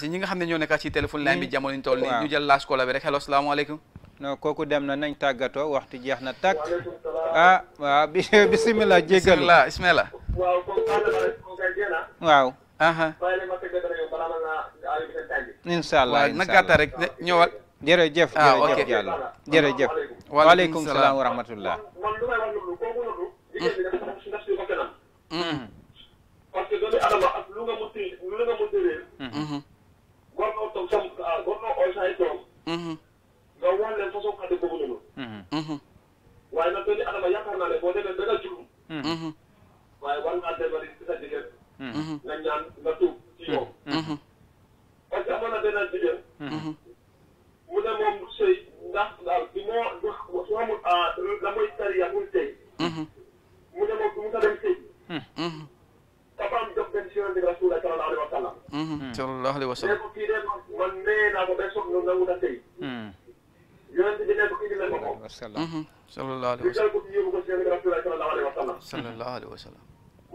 si ñi nga xam ne ñoo nekk ci téléphone line bi jamono ñu toll nii ñu jël bi rek hello salaamaaleykum non kooku dem na nañ tàggatoo waxtu jeex na tag ah waaw bi [laughs] bisimila jégalu bismila waaw waaw incha allah waaye na gàtta rek ñëwal. jërëjëf jërëjëf Diallo jërëjëf. waaleykum salaam wa rahmatullah. parce que doomu adama ak lu nga mënti lu nga mënti réer. góor noo toog sam parce que amoon na beneen jigéen. Mhm. mu ne moom sëy ndax daal du moo du su xamul ah, la muy sariya mhm. mu ne moom du mu sa dem sëy. Hmm. Mhm. benn si hmm. hmm. yoon bi Rasulullah sallallahu alayhi wa sallam. sallallahu alayhi wa sallam. ne man nee naa ko ba soog ñëw nga wut a sëy. yonent bi ne ko kii di ne ko moom. sallallahu mu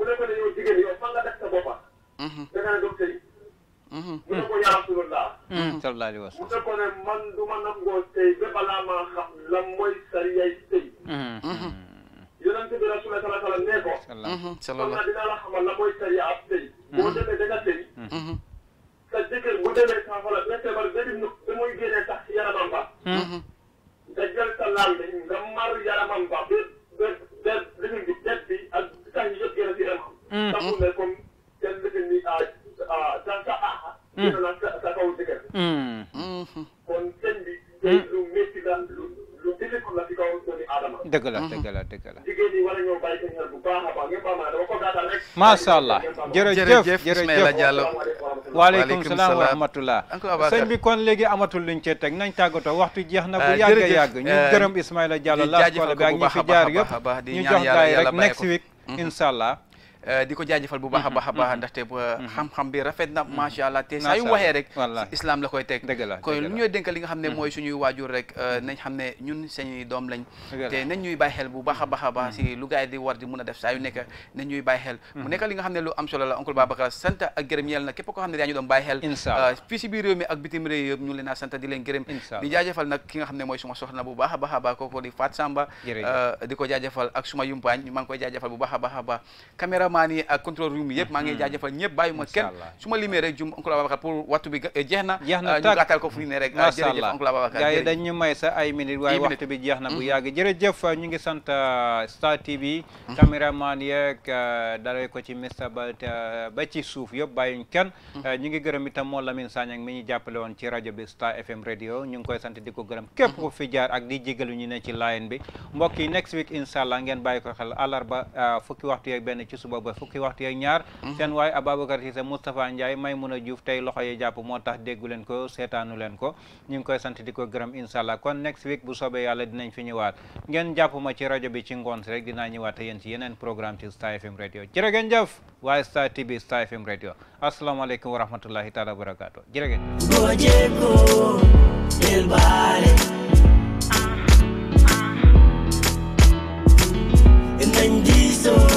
ne ko ne yow jigéen yow fan nga def sa boppam. da bu ne ko yaa Rasulullah sallallahu alayhi wa sallam bu ne ko ne man du ma nangoo sëy ba balaa maa xam lan mooy sariyay sëy yonent bi Rasulullah sallallahu alayhi wa sallam nee ko sallallahu kon dina la xamal lan mooy sariya ab sëy boo demee da nga sëy sa jëkkër bu demee sa xol nga feebar ba di nu ba muy génnee sax si yaramam ba nga jël sa laal bi nga mar yaramam ba ba ba ba lifin bi det bi ak sax yëpp génn si yaramam sax mu ne comme seen lifin ni aaj san sa aaxa ino la lu lu difficile la si kaw doomi aadama dëgg la dëgg a ñëw bàyyi a salaam wa rahmatullah sëñ bi kon léegi amatul luñ cee teg nañ tàggatoo waxtu jeex na bu ah, yàgg yàgg ñu eh, gërëm Ismaila Diallo laas la bi ak ñi fi jaar yëpp ñu jox gaay rek next week mm-hmm. incha Eh, di ko jaajëfal bu baax a mm-hmm, baax a baax mm-hmm, ndaxte mm-hmm. xam-xam bi rafet na macha allah te saa yu waxee rek islam la koy teg dëgg la kon lu ñuy dénk li nga xam ne mooy suñuy waajur rek eh, nañ xam ne ñun xel bu baax a baax a baax war di mun a def saa yu nekk nañ ñuy xel mu nekk li nga xam ne lu am solo la oncle Babacar sant ak gërëm yàlla na képp koo xam eh, a sant di leen gërëm di jaajëfal nag ki ne mooy suma soxna bu baax a baax a ko kooku di Fat Samba di ko jaajëfal ak suma yumpaañ maa ngi koy jaajëfal bu baax a baax a caméraman yi ak contrôle room yi yëpp maa ngi mhm. jaajëfal ñëpp bàyyi ma kenn su ma limee rek jum oncle Babacar pour waxtu bi eh, jeex na jeex na ah, ñu gàttal ko fu ñu ne rek ah, jërëjëf oncle Babacar gars yi dañu may sa ay minutes waaye waxtu bi jeex na bu mhm. yàgg jërëjëf ñu ngi sant ah, Star TV mhm. caméraman yeeg dalee ko ci Mr Ba ba ci suuf yëpp bàyyuñ kenn ñu ngi gërëm itam moo Lamine Sagnang mi ñu jàppale woon ci rajo bi Star FM radio ñu ngi koy sant di ko gërëm képp ku fi jaar ak di jégalu ñu ne ci line bi mbokk yi next week incha allah ngeen bàyyi ko xel àllarba fukki waxtu yeeg benn ci suba ba fukki waxtu yeeg ñaar mhm. seen waay Ababacar Cissé Moustapha Ndiaye Maymuna Diouf tey loxo yi jàpp moo tax déggu leen ko seetaanu leen ko ñu koy sant ko gërëm incha kon next week bu soobee yàlla dinañ fi ñëwaat ngeen jàpp ma ci rajo bi ci ngoon si rek dinaa ñëwaat yéen ci yeneen programme ci Star FM radio jërë ngeen jëf waaye Star TV Star FM radio asalaamaaleykum wa rahmatullahi taala wa